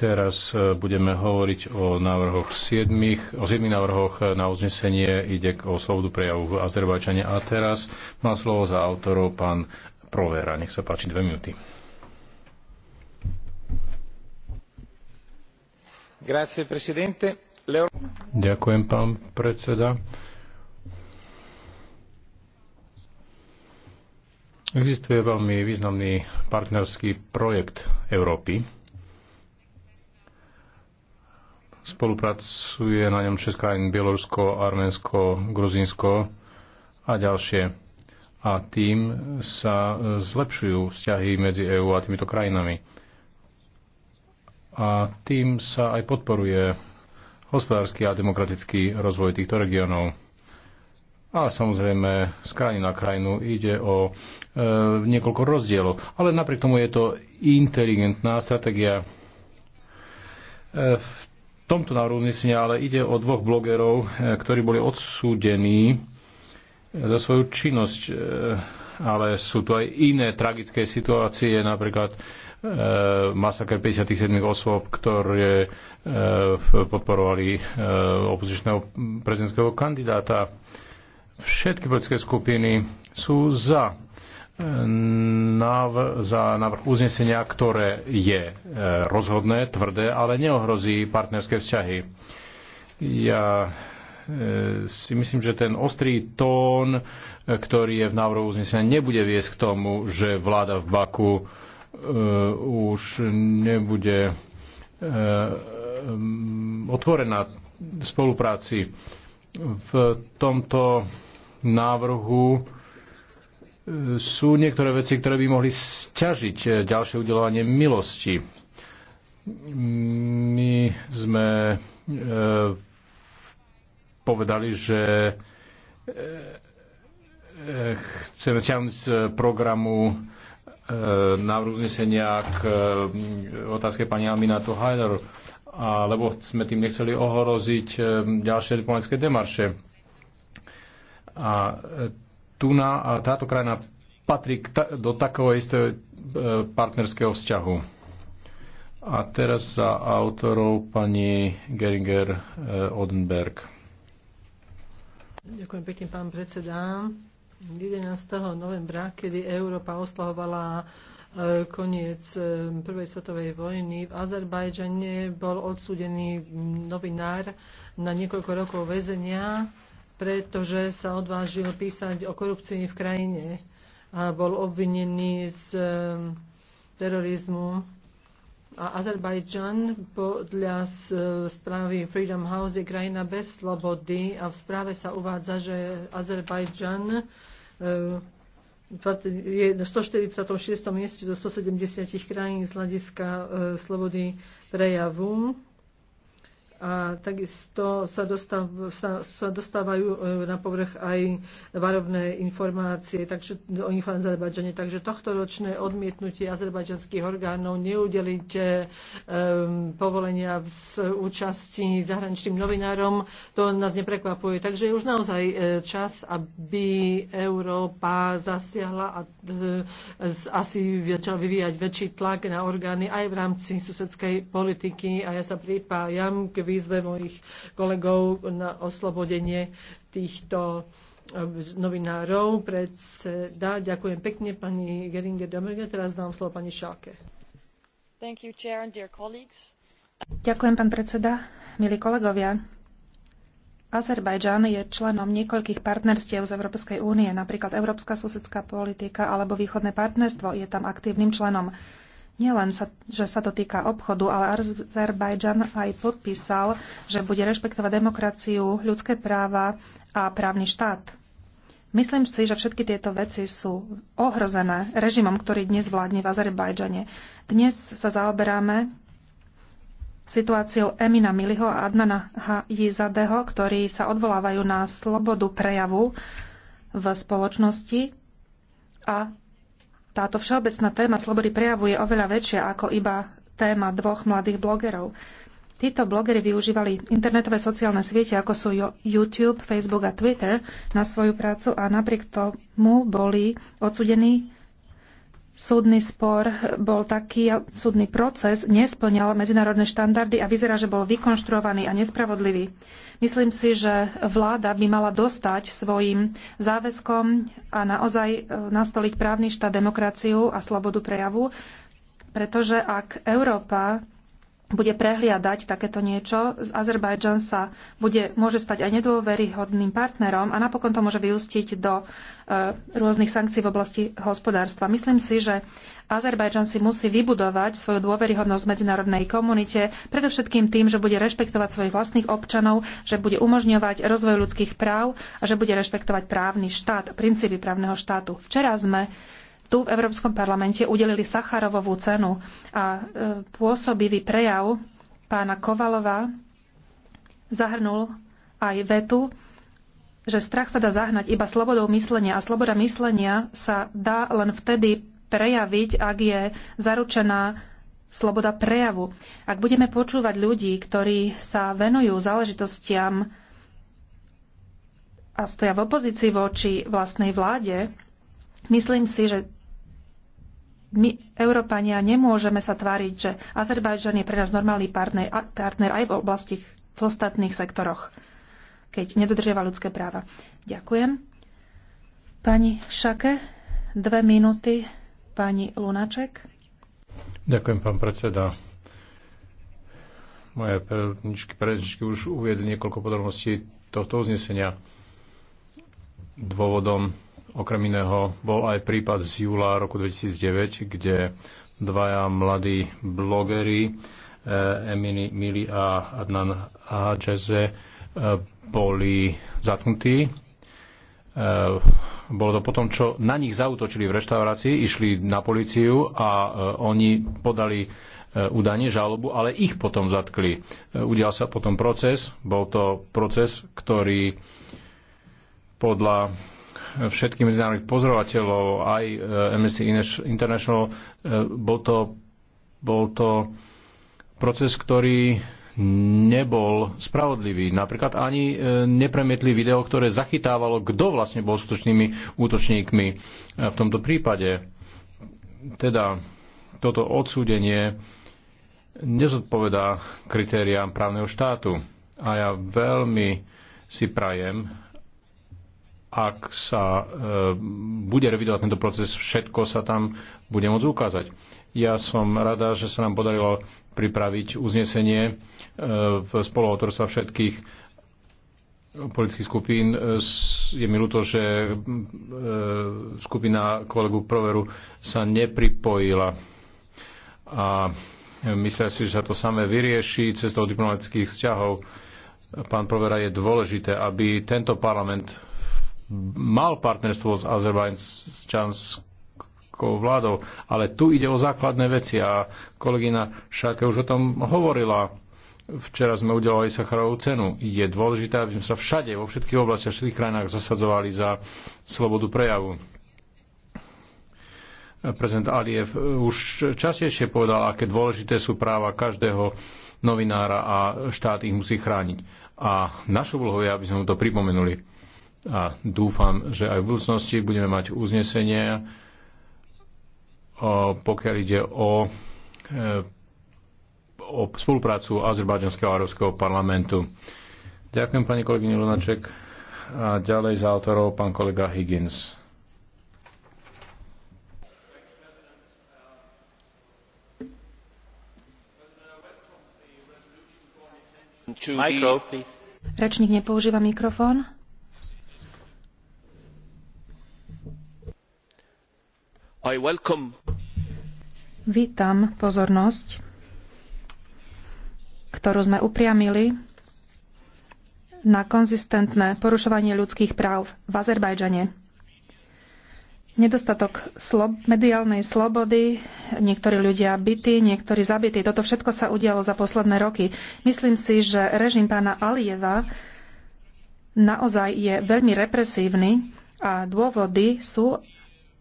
Teraz e, budeme hovoriť o návrhoch siedmých, o siedmých návrhoch e, na uznesenie ide o slobodu prejavu v Azerbajčane. A teraz má slovo za autorov pán Provera. Nech sa páči dve minúty. Grazie, presidente. Leo... Ďakujem, pán predseda. Existuje veľmi významný partnerský projekt Európy, Spolupracuje na ňom 6 krajín Bielorusko, Arménsko, Gruzínsko a ďalšie. A tým sa zlepšujú vzťahy medzi EÚ a týmito krajinami. A tým sa aj podporuje hospodársky a demokratický rozvoj týchto regiónov. A samozrejme, z krajiny na krajinu ide o e, niekoľko rozdielov. Ale napriek tomu je to inteligentná stratégia. E, v tomto návrhu uznesenia ale ide o dvoch blogerov, eh, ktorí boli odsúdení eh, za svoju činnosť, eh, ale sú tu aj iné tragické situácie, napríklad masaker 57 osôb, ktoré podporovali opozičného prezidentského kandidáta. Všetky politické skupiny sú za Nav, za návrh uznesenia, ktoré je e, rozhodné, tvrdé, ale neohrozí partnerské vzťahy. Ja e, si myslím, že ten ostrý tón, e, ktorý je v návrhu uznesenia, nebude viesť k tomu, že vláda v Baku už nebude otvorená spolupráci. V tomto návrhu sú niektoré veci, ktoré by mohli sťažiť e, ďalšie udelovanie milosti. My sme e, povedali, že e, e chceme stiahnuť z programu e, návrhu znesenia k e, otázke pani Alminato Hajder, lebo sme tým nechceli ohroziť e, ďalšie diplomatické demarše. A e, a táto krajina patrí ta, do takého istého e, partnerského vzťahu. A teraz sa autorov pani Geringer e, Odenberg. Ďakujem pekne, pán predseda. 11. novembra, kedy Európa oslavovala e, koniec Prvej svetovej vojny. V Azerbajdžane bol odsúdený novinár na niekoľko rokov väzenia pretože sa odvážil písať o korupcii v krajine a bol obvinený z terorizmu. A Azerbajdžan podľa správy Freedom House je krajina bez slobody a v správe sa uvádza, že Azerbajdžan je na 146. mieste zo 170 krajín z hľadiska slobody prejavu a takisto sa, dostav, sa, sa dostávajú e, na povrch aj varovné informácie takže, o Azerbajdžane. Takže tohto ročné odmietnutie azerbajdžanských orgánov neudeliť um, e, povolenia z účasti zahraničným novinárom, to nás neprekvapuje. Takže je už naozaj e, čas, aby Európa zasiahla a uh, asi začal vyvíjať väčší tlak na orgány aj v rámci susedskej politiky. A ja sa pripájam k výzve mojich kolegov na oslobodenie týchto eh, novinárov. Predseda, ďakujem pekne pani Geringer Domerge. Teraz dám slovo pani Šalke. You, chair, ďakujem, pán predseda. Milí kolegovia, Azerbajdžan je členom niekoľkých partnerstiev z Európskej únie, napríklad Európska susedská politika alebo Východné partnerstvo je tam aktívnym členom. Nielen, že sa to týka obchodu, ale Azerbajdžan aj podpísal, že bude rešpektovať demokraciu, ľudské práva a právny štát. Myslím si, že všetky tieto veci sú ohrozené režimom, ktorý dnes vládne v Azerbajdžane. Dnes sa zaoberáme situáciou Emina Miliho a Adnana Hajizadeho, ktorí sa odvolávajú na slobodu prejavu v spoločnosti a táto všeobecná téma slobody prejavu je oveľa väčšia ako iba téma dvoch mladých blogerov. Títo blogery využívali internetové sociálne siete, ako sú YouTube, Facebook a Twitter, na svoju prácu a napriek tomu boli odsudení súdny spor bol taký, súdny proces nesplňal medzinárodné štandardy a vyzerá, že bol vykonštruovaný a nespravodlivý. Myslím si, že vláda by mala dostať svojim záväzkom a naozaj e, nastoliť právny štát, demokraciu a slobodu prejavu, pretože ak Európa bude prehliadať takéto niečo. Azerbajdžan sa bude, môže stať aj nedôveryhodným partnerom a napokon to môže vyústiť do e, rôznych sankcií v oblasti hospodárstva. Myslím si, že Azerbajdžan si musí vybudovať svoju dôveryhodnosť v medzinárodnej komunite, predovšetkým tým, že bude rešpektovať svojich vlastných občanov, že bude umožňovať rozvoj ľudských práv a že bude rešpektovať právny štát, princípy právneho štátu. Včera sme tu v Európskom parlamente udelili Sacharovovú cenu a e, pôsobivý prejav pána Kovalova zahrnul aj vetu, že strach sa dá zahnať iba slobodou myslenia a sloboda myslenia sa dá len vtedy prejaviť, ak je zaručená sloboda prejavu. Ak budeme počúvať ľudí, ktorí sa venujú záležitostiam a stoja v opozícii voči vlastnej vláde, myslím si, že my, Európania, nemôžeme sa tváriť, že Azerbajžan je pre nás normálny partner, partner aj v oblasti v ostatných sektoroch, keď nedodržiava ľudské práva. Ďakujem. Pani Šake, dve minúty. Pani Lunaček. Ďakujem, pán predseda. Moje predničky predničky už uviedli niekoľko podrobností tohto uznesenia. Dôvodom Okrem iného bol aj prípad z júla roku 2009, kde dvaja mladí blogery eh, Emily Mili a Adnan Hadžeze eh, boli zatknutí. Eh, bolo to potom, čo na nich zautočili v reštaurácii, išli na policiu a oni podali údanie, žalobu, ale ich potom zatkli. Udial sa potom proces, bol to proces, ktorý podľa všetkých medzinárodných pozorovateľov, aj e, Amnesty International, e, bol to, bol to proces, ktorý nebol spravodlivý. Napríklad ani e, nepremietli video, ktoré zachytávalo, kto vlastne bol skutočnými útočníkmi v tomto prípade. Teda toto odsúdenie nezodpovedá kritériám právneho štátu. A ja veľmi si prajem, ak sa e, bude revidovať tento proces, všetko sa tam bude môcť ukázať. Ja som rada, že sa nám podarilo pripraviť uznesenie e, v spoluautorstva všetkých politických skupín. E, je mi ľúto, že e, skupina kolegu Proveru sa nepripojila a myslia si, že sa to samé vyrieši cestou diplomatických vzťahov. Pán Provera je dôležité, aby tento parlament mal partnerstvo s azerbajdžanskou vládou. Ale tu ide o základné veci a kolegyna Šáke už o tom hovorila. Včera sme udelovali Sacharovú cenu. Je dôležité, aby sme sa všade, vo všetkých oblastiach, všetkých krajinách zasadzovali za slobodu prejavu. Prezident Aliev už častejšie povedal, aké dôležité sú práva každého novinára a štát ich musí chrániť. A našou úlohou je, aby sme mu to pripomenuli a dúfam, že aj v budúcnosti budeme mať uznesenie, pokiaľ ide o, e, o spoluprácu Azerbajdžanského a Európskeho parlamentu. Ďakujem pani kolegyni Lunaček a ďalej za autorov pán kolega Higgins. Rečník nepoužíva mikrofón. Welcome... Vítam pozornosť, ktorú sme upriamili na konzistentné porušovanie ľudských práv v Azerbajdžane. Nedostatok slob, mediálnej slobody, niektorí ľudia bytí, niektorí zabití. Toto všetko sa udialo za posledné roky. Myslím si, že režim pána Alieva naozaj je veľmi represívny a dôvody sú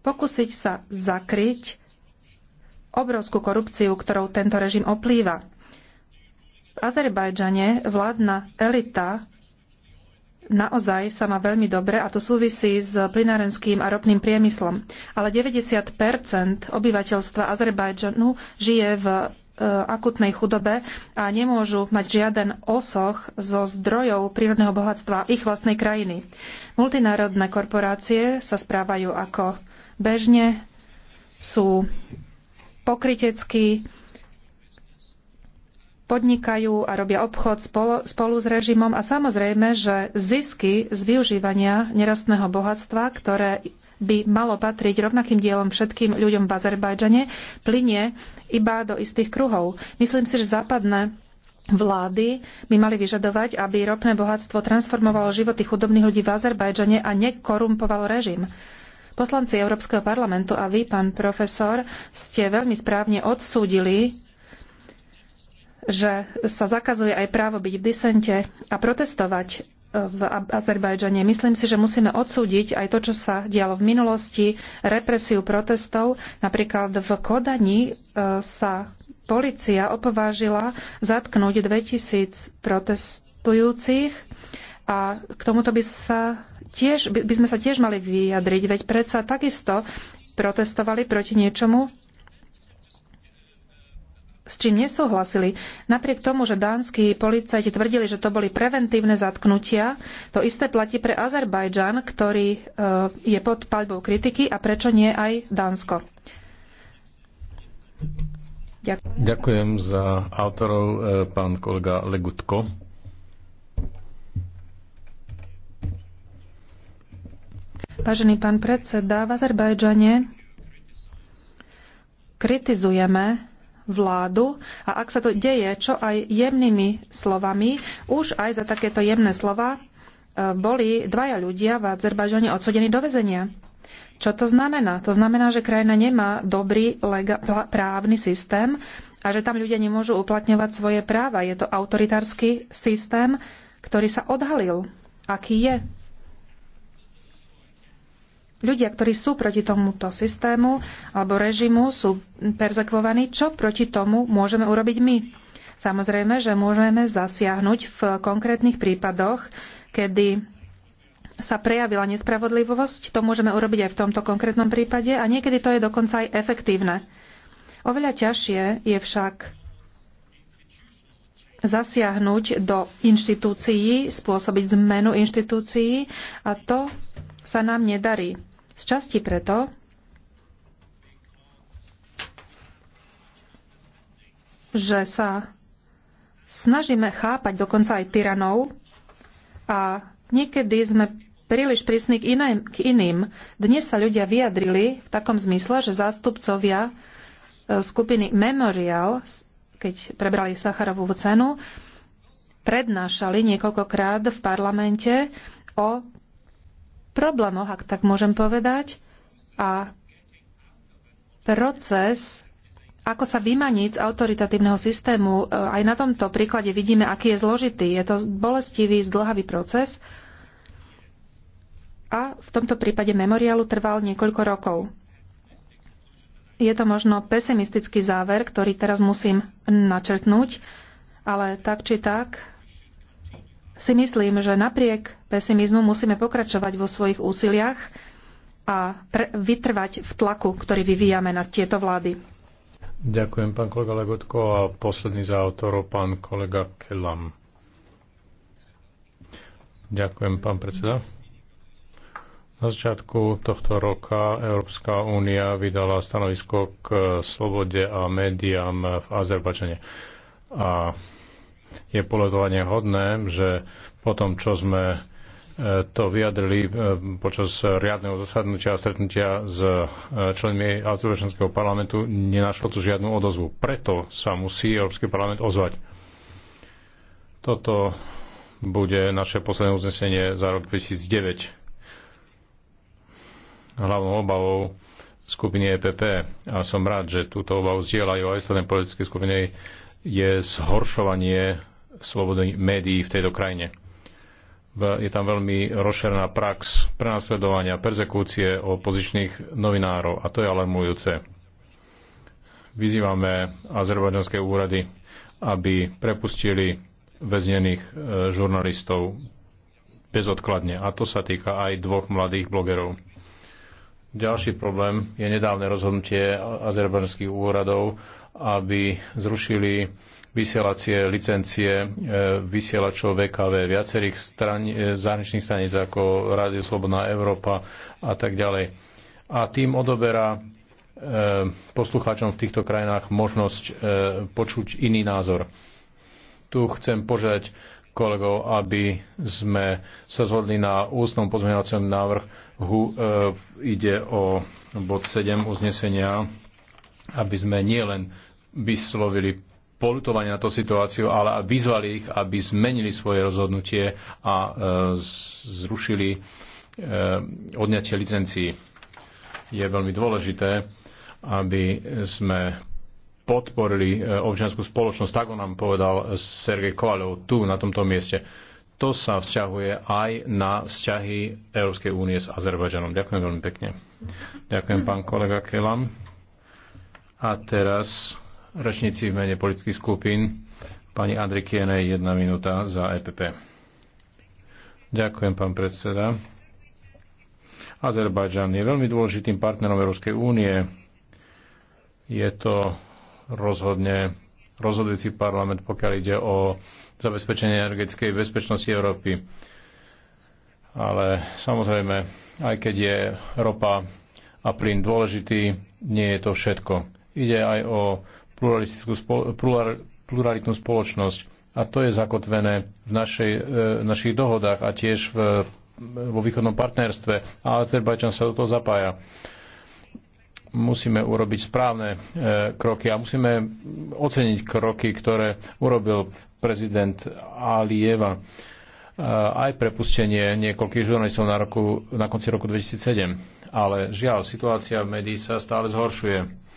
pokúsiť sa zakryť obrovskú korupciu, ktorou tento režim oplýva. V Azerbajdžane vládna elita naozaj sa má veľmi dobre a to súvisí s plinárenským a ropným priemyslom. Ale 90 obyvateľstva Azerbajdžanu žije v e, akutnej chudobe a nemôžu mať žiaden osoch zo zdrojov prírodného bohatstva ich vlastnej krajiny. Multinárodné korporácie sa správajú ako bežne sú pokryteckí, podnikajú a robia obchod spolu, spolu s režimom a samozrejme, že zisky z využívania nerastného bohatstva, ktoré by malo patriť rovnakým dielom všetkým ľuďom v Azerbajdžane, plinie iba do istých kruhov. Myslím si, že západné vlády by mali vyžadovať, aby ropné bohatstvo transformovalo životy chudobných ľudí v Azerbajdžane a nekorumpovalo režim. Poslanci Európskeho parlamentu a vy, pán profesor, ste veľmi správne odsúdili, že sa zakazuje aj právo byť v disente a protestovať v Azerbajdžane. Myslím si, že musíme odsúdiť aj to, čo sa dialo v minulosti, represiu protestov. Napríklad v Kodani e, sa policia opovážila zatknúť 2000 protestujúcich a k tomuto by sa tiež, by sme sa tiež mali vyjadriť, veď predsa takisto protestovali proti niečomu, s čím nesúhlasili. Napriek tomu, že dánsky policajti tvrdili, že to boli preventívne zatknutia, to isté platí pre Azerbajdžan, ktorý e, je pod paľbou kritiky a prečo nie aj Dánsko. Ďakujem. Ďakujem za autorov e, pán kolega Legutko. Vážený pán predseda, v Azerbajdžane kritizujeme vládu a ak sa to deje, čo aj jemnými slovami, už aj za takéto jemné slova e, boli dvaja ľudia v Azerbajdžane odsudení do väzenia. Čo to znamená? To znamená, že krajina nemá dobrý lega- právny systém a že tam ľudia nemôžu uplatňovať svoje práva. Je to autoritársky systém, ktorý sa odhalil. Aký je? Ľudia, ktorí sú proti tomuto systému alebo režimu, sú perzekvovaní. Čo proti tomu môžeme urobiť my? Samozrejme, že môžeme zasiahnuť v konkrétnych prípadoch, kedy sa prejavila nespravodlivosť. To môžeme urobiť aj v tomto konkrétnom prípade a niekedy to je dokonca aj efektívne. Oveľa ťažšie je však zasiahnuť do inštitúcií, spôsobiť zmenu inštitúcií a to sa nám nedarí. Z časti preto, že sa snažíme chápať dokonca aj tyranov a niekedy sme príliš prísni k, iným, k iným. Dnes sa ľudia vyjadrili v takom zmysle, že zástupcovia e, skupiny Memorial, keď prebrali Sacharovú cenu, prednášali niekoľkokrát v parlamente o problémoch, ak tak môžem povedať, a proces, ako sa vymaniť z autoritatívneho systému, e, aj na tomto príklade vidíme, aký je zložitý. Je to bolestivý, zdlhavý proces a v tomto prípade memoriálu trval niekoľko rokov. Je to možno pesimistický záver, ktorý teraz musím načrtnúť, ale tak či tak si myslím, že napriek pesimizmu musíme pokračovať vo svojich úsiliach a vytrvať v tlaku, ktorý vyvíjame na tieto vlády. Ďakujem, pán kolega Legotko. A posledný za autorov, pán kolega Kellam. Ďakujem, pán predseda. Na začiatku tohto roka Európska únia vydala stanovisko k slobode a médiám v Azerbačane. A je poledovanie hodné, že po tom, čo sme e, to vyjadrili e, počas riadneho zasadnutia a stretnutia s e, členmi Azerbajdžanského parlamentu, nenašlo tu žiadnu odozvu. Preto sa musí Európsky parlament ozvať. Toto bude naše posledné uznesenie za rok 2009. Hlavnou obavou skupiny EPP a som rád, že túto obavu zdieľajú aj ostatné politické skupiny je zhoršovanie slobody médií v tejto krajine. Je tam veľmi rozšerná prax prenasledovania, persekúcie opozičných novinárov a to je alarmujúce. Vyzývame azerbajdžanské úrady, aby prepustili väznených e, žurnalistov bezodkladne. A to sa týka aj dvoch mladých blogerov. Ďalší problém je nedávne rozhodnutie azerbajdžanských úradov aby zrušili vysielacie licencie e, vysielačov VKV viacerých stran, e, zahraničných staníc ako Rádio Slobodná Európa a tak ďalej. A tým odoberá e, poslucháčom v týchto krajinách možnosť počuť iný názor. Tu chcem požiadať kolegov, aby sme sa zhodli na ústnom pozmeňovacom návrhu. E, ide o bod 7 uznesenia, aby sme nielen vyslovili polutovanie na tú situáciu, ale vyzvali ich, aby zmenili svoje rozhodnutie a e, zrušili e, odňatie licencií. Je veľmi dôležité, aby sme podporili e, občianskú spoločnosť, tak on nám povedal Sergej Kovalov tu na tomto mieste. To sa vzťahuje aj na vzťahy Európskej únie s Azerbajdžanom. Ďakujem veľmi pekne. Ďakujem pán kolega Kelam. A teraz rečníci v mene politických skupín. Pani Andri Kienej, jedna minúta za EPP. Ďakujem, pán predseda. Azerbajdžan je veľmi dôležitým partnerom Európskej únie. Je to rozhodne rozhodujúci parlament, pokiaľ ide o zabezpečenie energetickej bezpečnosti Európy. Ale samozrejme, aj keď je ropa a plyn dôležitý, nie je to všetko. Ide aj o pluralistickú plural, pluralitnú spoločnosť. A to je zakotvené v našej, e, našich dohodách a tiež v, vo východnom partnerstve. A Azerbajčan sa do toho zapája. Musíme urobiť správne e, kroky a musíme oceniť kroky, ktoré urobil prezident Alieva. E, aj prepustenie niekoľkých žurnalistov na, roku, na konci roku 2007. Ale žiaľ, situácia v médií sa stále zhoršuje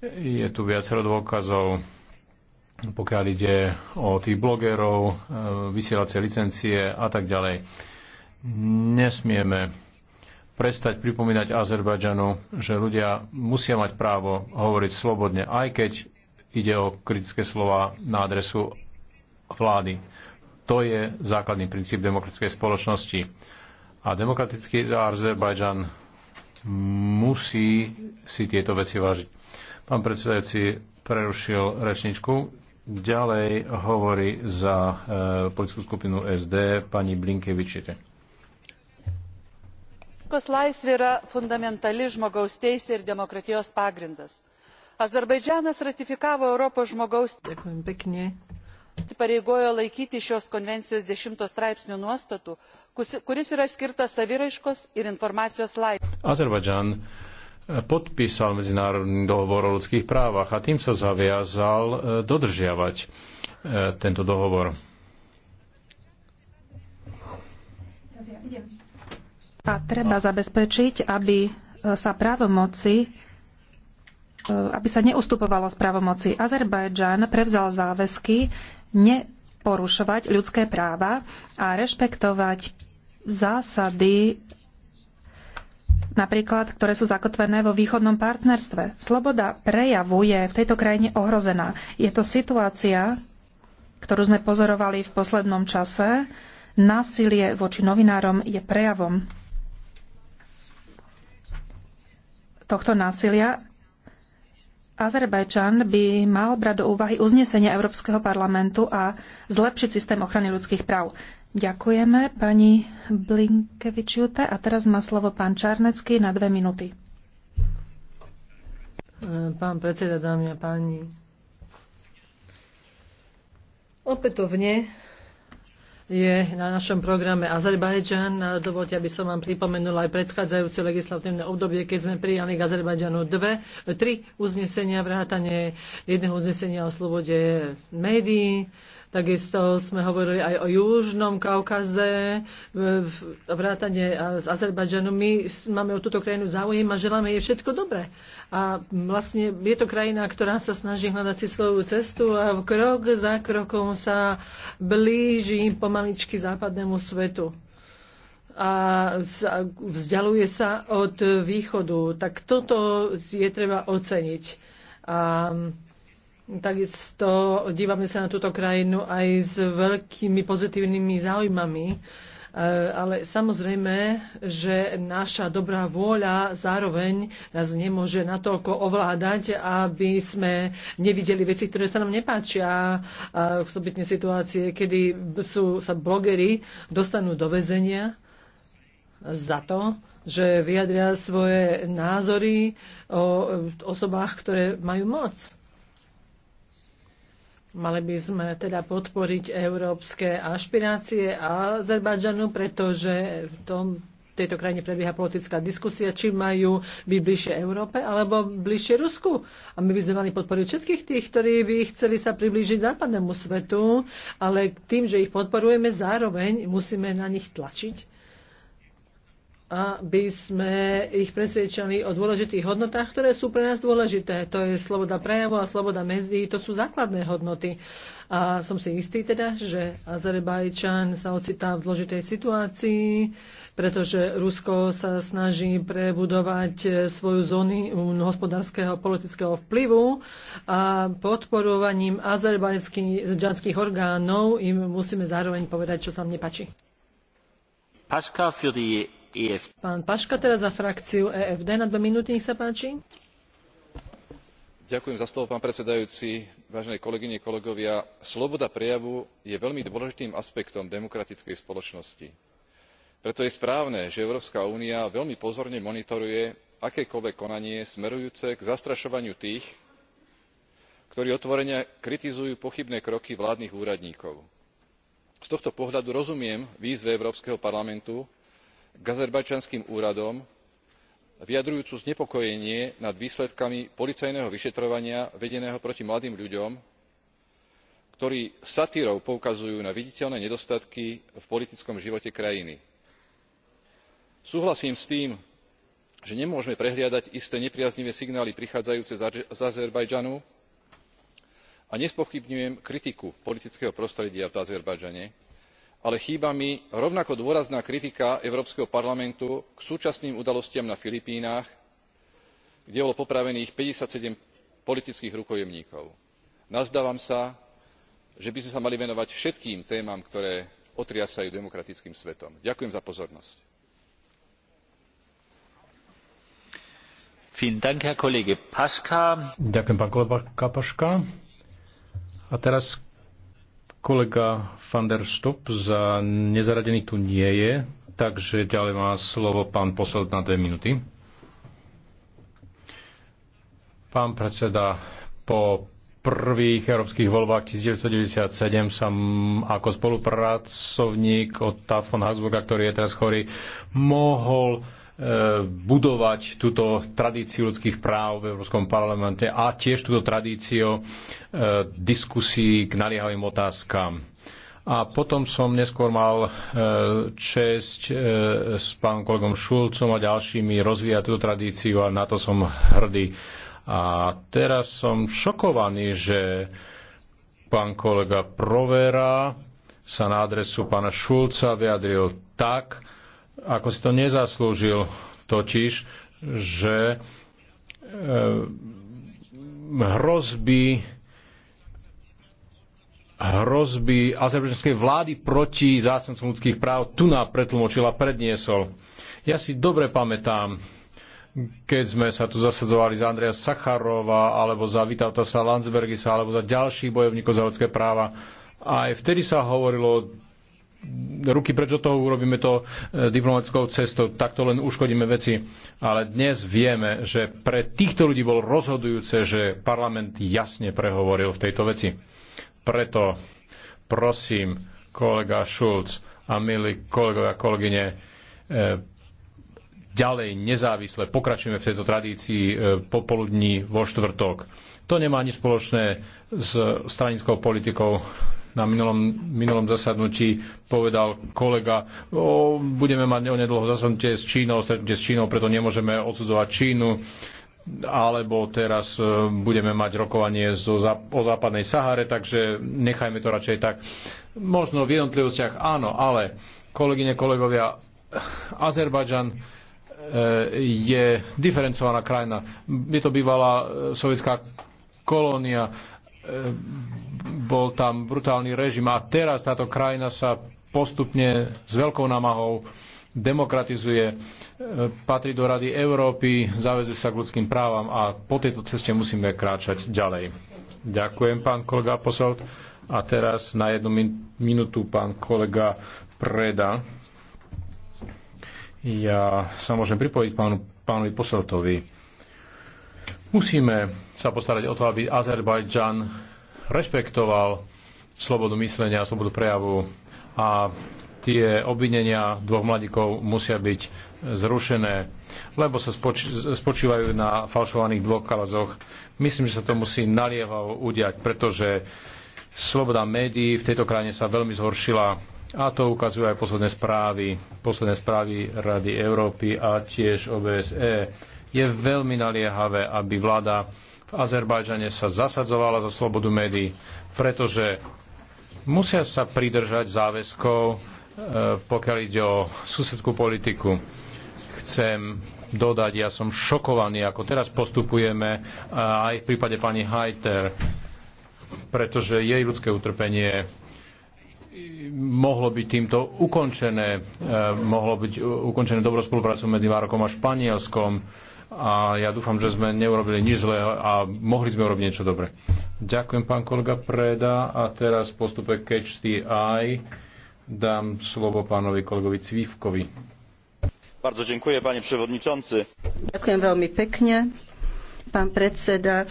je tu viacero dôkazov, pokiaľ ide o tých blogerov, e, vysielacie licencie a tak ďalej. Nesmieme prestať pripomínať Azerbajdžanu, že ľudia musia mať právo hovoriť slobodne, aj keď ide o kritické slova na adresu vlády. To je základný princíp demokratickej spoločnosti. A demokratický Azerbajdžan musí si tieto veci vážiť. Pán predsedajúci prerušil rečničku. Ďalej hovorí za e, politickú skupinu SD pani Blinkevičite. Laisvė yra fundamentali žmogaus teisė ir demokratijos pagrindas. Azerbaidžianas ratifikavo Europos žmogaus įsipareigojo laikyti šios konvencijos dešimto straipsnių nuostatų kuris yra skirtas saviraiškos ir informacijos laisvei podpísal medzinárodný dohovor o ľudských právach a tým sa zaviazal e, dodržiavať e, tento dohovor. A treba zabezpečiť, aby e, sa právomoci aby sa neustupovalo z právomoci. Azerbajdžan prevzal záväzky neporušovať ľudské práva a rešpektovať zásady napríklad, ktoré sú zakotvené vo východnom partnerstve. Sloboda prejavu je v tejto krajine ohrozená. Je to situácia, ktorú sme pozorovali v poslednom čase. Násilie voči novinárom je prejavom tohto násilia. Azerbajčan by mal brať do úvahy uznesenia Európskeho parlamentu a zlepšiť systém ochrany ľudských práv. Ďakujeme pani Blinkevičiute a teraz má slovo pán Čarnecký na dve minúty. Pán predseda, dámy a páni, opätovne je na našom programe Azerbajdžan. Dovolte, aby som vám pripomenula aj predchádzajúce legislatívne obdobie, keď sme prijali k Azerbajdžanu dve, tri uznesenia, vrátane jedného uznesenia o slobode médií, Takisto sme hovorili aj o Južnom Kaukaze, vrátane z Azerbajdžanu. My máme o túto krajinu záujem a želáme jej všetko dobré. A vlastne je to krajina, ktorá sa snaží hľadať si svoju cestu a krok za krokom sa blíži pomaličky západnému svetu a vzdialuje sa od východu. Tak toto je treba oceniť. A Takisto dívame sa na túto krajinu aj s veľkými pozitívnymi záujmami, e, ale samozrejme, že naša dobrá vôľa zároveň nás nemôže natoľko ovládať, aby sme nevideli veci, ktoré sa nám nepáčia. A v sobitnej situácie, kedy sú, sa blogery dostanú do väzenia za to, že vyjadria svoje názory o osobách, ktoré majú moc Mali by sme teda podporiť európske ašpirácie a Azerbajdžanu, pretože v tom tejto krajine prebieha politická diskusia, či majú byť bližšie Európe alebo bližšie Rusku. A my by sme mali podporiť všetkých tých, ktorí by chceli sa priblížiť západnému svetu, ale tým, že ich podporujeme, zároveň musíme na nich tlačiť aby sme ich presvedčali o dôležitých hodnotách, ktoré sú pre nás dôležité. To je sloboda prejavu a sloboda medzí, to sú základné hodnoty. A som si istý teda, že Azerbajčan sa ocitá v zložitej situácii, pretože Rusko sa snaží prebudovať svoju zónu hospodárskeho a politického vplyvu a podporovaním azerbajských orgánov im musíme zároveň povedať, čo sa mne páči. für die E pán Paška teraz za frakciu EFD na dve minúty, nech sa páči. Ďakujem za slovo, pán predsedajúci, vážené kolegyne, kolegovia. Sloboda prejavu je veľmi dôležitým aspektom demokratickej spoločnosti. Preto je správne, že Európska únia veľmi pozorne monitoruje akékoľvek konanie smerujúce k zastrašovaniu tých, ktorí otvorene kritizujú pochybné kroky vládnych úradníkov. z tohto pohľadu rozumiem výzve európskeho parlamentu k azerbajdžanským úradom vyjadrujúcu znepokojenie nad výsledkami policajného vyšetrovania vedeného proti mladým ľuďom ktorí satírou poukazujú na viditeľné nedostatky v politickom živote krajiny. súhlasím s tým že nemôžeme prehliadať isté nepriaznivé signály prichádzajúce z azerbajdžanu a nespochybňujem kritiku politického prostredia v azerbajdžane ale chýba mi rovnako dôrazná kritika európskeho parlamentu k súčasným udalostiam na filipínach kde bolo popravených fifty seven politických rukojemníkov. nazdávam sa že by sme sa mali venovať všetkým témam ktoré otriasajú demokratickým svetom. ďakujem za pozornosť. Kolega van der Stop za nezaradený tu nie je, takže ďalej má slovo pán posled na dve minúty. Pán predseda, po prvých európskych voľbách 1997 som ako spolupracovník od Tafon Hasburga, ktorý je teraz chorý, mohol budovať túto tradíciu ľudských práv v Európskom parlamente a tiež túto tradíciu e, diskusí k naliehavým otázkam. A potom som neskôr mal e, čest e, s pánom kolegom Šulcom a ďalšími rozvíjať túto tradíciu a na to som hrdý. A teraz som šokovaný, že pán kolega Provera sa na adresu pána Šulca vyjadril tak, ako si to nezaslúžil, totiž, že e, hrozby hrozby azerbajdžanskej vlády proti zástancom ľudských práv tu nám pretlmočil a predniesol. Ja si dobre pamätám, keď sme sa tu zasadzovali za Andreja Sacharova, alebo za Vitautasa Landsbergisa, alebo za ďalších bojovníkov za ľudské práva. Aj vtedy sa hovorilo o ruky preč od toho, urobíme to e, diplomatickou cestou, takto len uškodíme veci. Ale dnes vieme, že pre týchto ľudí bolo rozhodujúce, že parlament jasne prehovoril v tejto veci. Preto prosím, kolega Schulz a milí kolegovia a kolegyne, e, ďalej nezávisle pokračujeme v tejto tradícii e, popoludní vo štvrtok. To nemá nič spoločné s stranickou politikou na minulom, minulom zasadnutí povedal kolega, o, budeme mať onedlho zasadnutie s Čínou, stretnutie s Čínou, preto nemôžeme odsudzovať Čínu alebo teraz e, budeme mať rokovanie zo, o západnej Sahare, takže nechajme to radšej tak. Možno v jednotlivostiach áno, ale kolegyne, kolegovia, Azerbajdžan e, je diferencovaná krajina. Je to bývalá e, sovietská kolónia E, bol tam brutálny režim a teraz táto krajina sa postupne s veľkou namahou demokratizuje, e, patrí do Rady Európy, záväzuje sa k ľudským právam a po tejto ceste musíme kráčať ďalej. Ďakujem, pán kolega Posolt. A teraz na jednu min- minútu pán kolega Preda. Ja sa môžem pripojiť pánu, pánovi Poseltovi Musíme sa postarať o to, aby Azerbajdžan rešpektoval slobodu myslenia a slobodu prejavu a tie obvinenia dvoch mladíkov musia byť zrušené, lebo sa spoč- spočívajú na falšovaných dôkazoch. Myslím, že sa to musí naliehavo udiať, pretože sloboda médií v tejto krajine sa veľmi zhoršila a to ukazujú aj posledné správy, posledné správy Rady Európy a tiež OBSE je veľmi naliehavé, aby vláda v Azerbajdžane sa zasadzovala za slobodu médií, pretože musia sa pridržať záväzkov, e, pokiaľ ide o susedskú politiku. Chcem dodať, ja som šokovaný, ako teraz postupujeme aj v prípade pani Hajter, pretože jej ľudské utrpenie mohlo byť týmto ukončené, e, mohlo byť ukončené dobrou spoluprácu medzi Marokom a Španielskom a ja dúfam, že sme neurobili nič zlé a mohli sme urobiť niečo dobré. Ďakujem, pán kolega Preda. A teraz v postupe Catch the Eye dám slovo pánovi kolegovi Cvívkovi. Bardzo dziękuję, panie przewodniczący. Ďakujem veľmi pekne, pán predseda.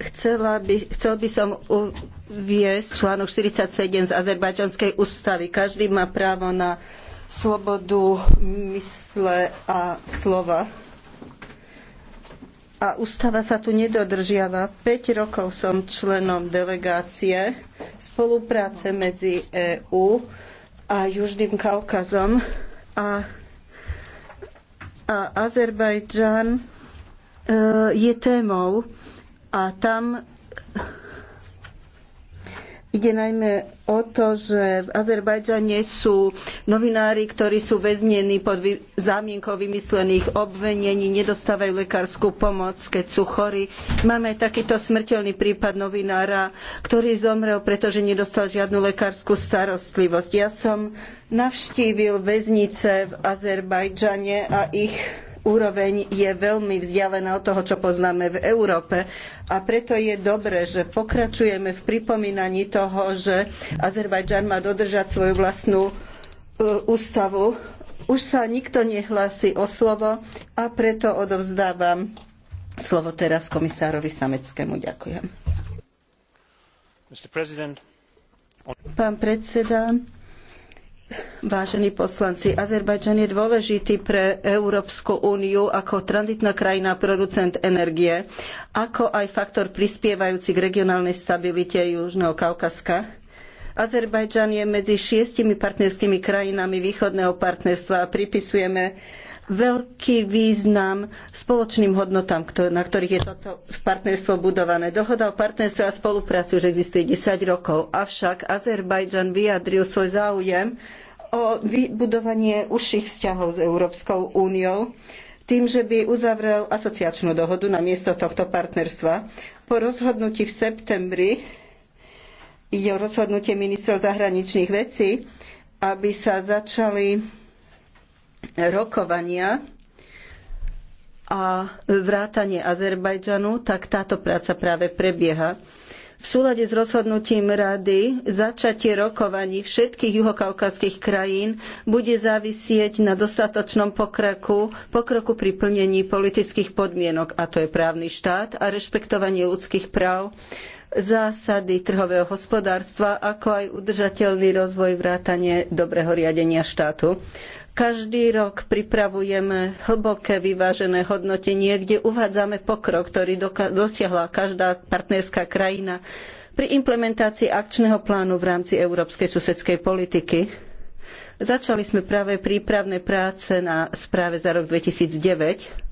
Chcela by, chcel by som uviesť článok 47 z Azerbajdžanskej ústavy. Každý má právo na slobodu mysle a slova a ústava sa tu nedodržiava. 5 rokov som členom delegácie spolupráce medzi EÚ a Južným Kaukazom a, a Azerbajdžan e, je témou a tam Ide najmä o to, že v Azerbajdžane sú novinári, ktorí sú väznení pod zámienkou vymyslených obvenení, nedostávajú lekárskú pomoc, keď sú chorí. Máme aj takýto smrteľný prípad novinára, ktorý zomrel, pretože nedostal žiadnu lekárskú starostlivosť. Ja som navštívil väznice v Azerbajdžane a ich úroveň je veľmi vzdialená od toho, čo poznáme v Európe. A preto je dobré, že pokračujeme v pripomínaní toho, že Azerbajdžan má dodržať svoju vlastnú e, ústavu. Už sa nikto nehlási o slovo a preto odovzdávam slovo teraz komisárovi Sameckému. Ďakujem. Pán predseda, Vážení poslanci, Azerbajdžan je dôležitý pre Európsku úniu ako tranzitná krajina producent energie, ako aj faktor prispievajúci k regionálnej stabilite Južného Kaukaska. Azerbajdžan je medzi šiestimi partnerskými krajinami východného partnerstva a pripisujeme veľký význam spoločným hodnotám, na ktorých je toto partnerstvo budované. Dohoda o partnerstve a spolupráci už existuje 10 rokov, avšak Azerbajdžan vyjadril svoj záujem o vybudovanie užších vzťahov s Európskou úniou tým, že by uzavrel asociačnú dohodu na miesto tohto partnerstva. Po rozhodnutí v septembri je rozhodnutie ministrov zahraničných vecí, aby sa začali rokovania a vrátanie Azerbajdžanu, tak táto práca práve prebieha. V súlade s rozhodnutím Rady začatie rokovaní všetkých juhokaukazských krajín bude závisieť na dostatočnom pokroku, pokroku pri plnení politických podmienok, a to je právny štát a rešpektovanie ľudských práv, zásady trhového hospodárstva, ako aj udržateľný rozvoj vrátanie dobrého riadenia štátu. Každý rok pripravujeme hlboké vyvážené hodnotenie, kde uvádzame pokrok, ktorý dosiahla každá partnerská krajina pri implementácii akčného plánu v rámci európskej susedskej politiky. Začali sme práve prípravné práce na správe za rok 2009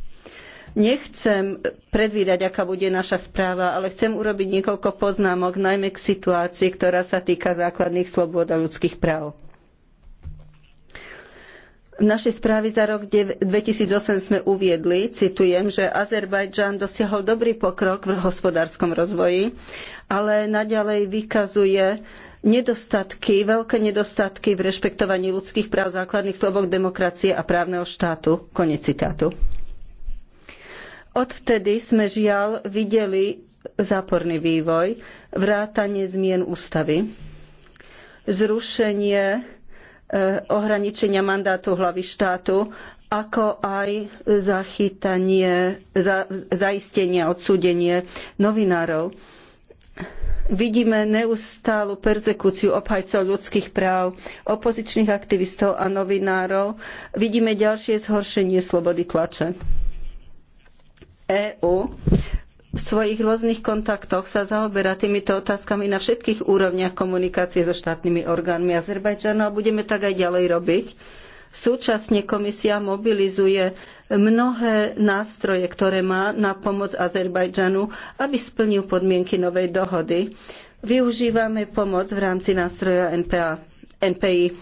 Nechcem predvídať, aká bude naša správa, ale chcem urobiť niekoľko poznámok, najmä k situácii, ktorá sa týka základných slobôd a ľudských práv. V našej správe za rok 2008 sme uviedli, citujem, že Azerbajdžan dosiahol dobrý pokrok v hospodárskom rozvoji, ale naďalej vykazuje nedostatky, veľké nedostatky v rešpektovaní ľudských práv, základných slobok, demokracie a právneho štátu. Konec citátu. Odvtedy sme žiaľ videli záporný vývoj, vrátanie zmien ústavy, zrušenie Eh, ohraničenia mandátu hlavy štátu, ako aj zachytanie, za, zaistenie, odsúdenie novinárov. Vidíme neustálu perzekúciu obhajcov ľudských práv, opozičných aktivistov a novinárov. Vidíme ďalšie zhoršenie slobody tlače. EÚ v svojich rôznych kontaktoch sa zaoberá týmito otázkami na všetkých úrovniach komunikácie so štátnymi orgánmi Azerbajdžanu a budeme tak aj ďalej robiť. Súčasne komisia mobilizuje mnohé nástroje, ktoré má na pomoc Azerbajdžanu, aby splnil podmienky novej dohody. Využívame pomoc v rámci nástroja NPA, NPI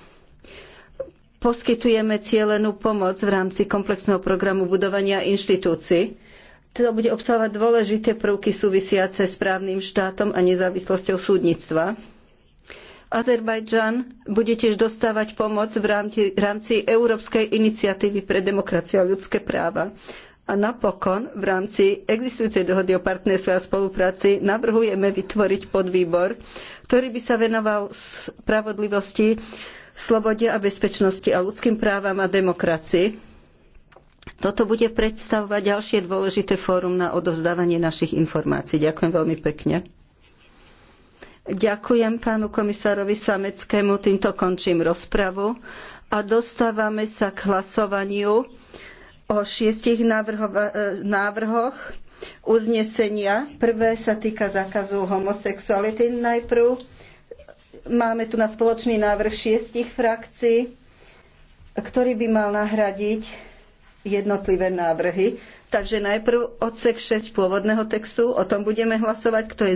poskytujeme cielenú pomoc v rámci komplexného programu budovania inštitúcií teda bude obsahovať dôležité prvky súvisiace s právnym štátom a nezávislosťou súdnictva. Azerbajdžan bude tiež dostávať pomoc v rámci, rámci Európskej iniciatívy pre demokraciu a ľudské práva. A napokon v rámci existujúcej dohody o partnerstve a spolupráci navrhujeme vytvoriť podvýbor, ktorý by sa venoval spravodlivosti, slobode a bezpečnosti a ľudským právam a demokracii. Toto bude predstavovať ďalšie dôležité fórum na odovzdávanie našich informácií. Ďakujem veľmi pekne. Ďakujem pánu komisárovi Sameckému, týmto končím rozpravu a dostávame sa k hlasovaniu o šiestich eh, návrhoch uznesenia. Prvé sa týka zákazu homosexuality najprv. Máme tu na spoločný návrh šiestich frakcií, ktorý by mal nahradiť jednotlivé návrhy. Takže najprv odsek 6 pôvodného textu, o tom budeme hlasovať, kto je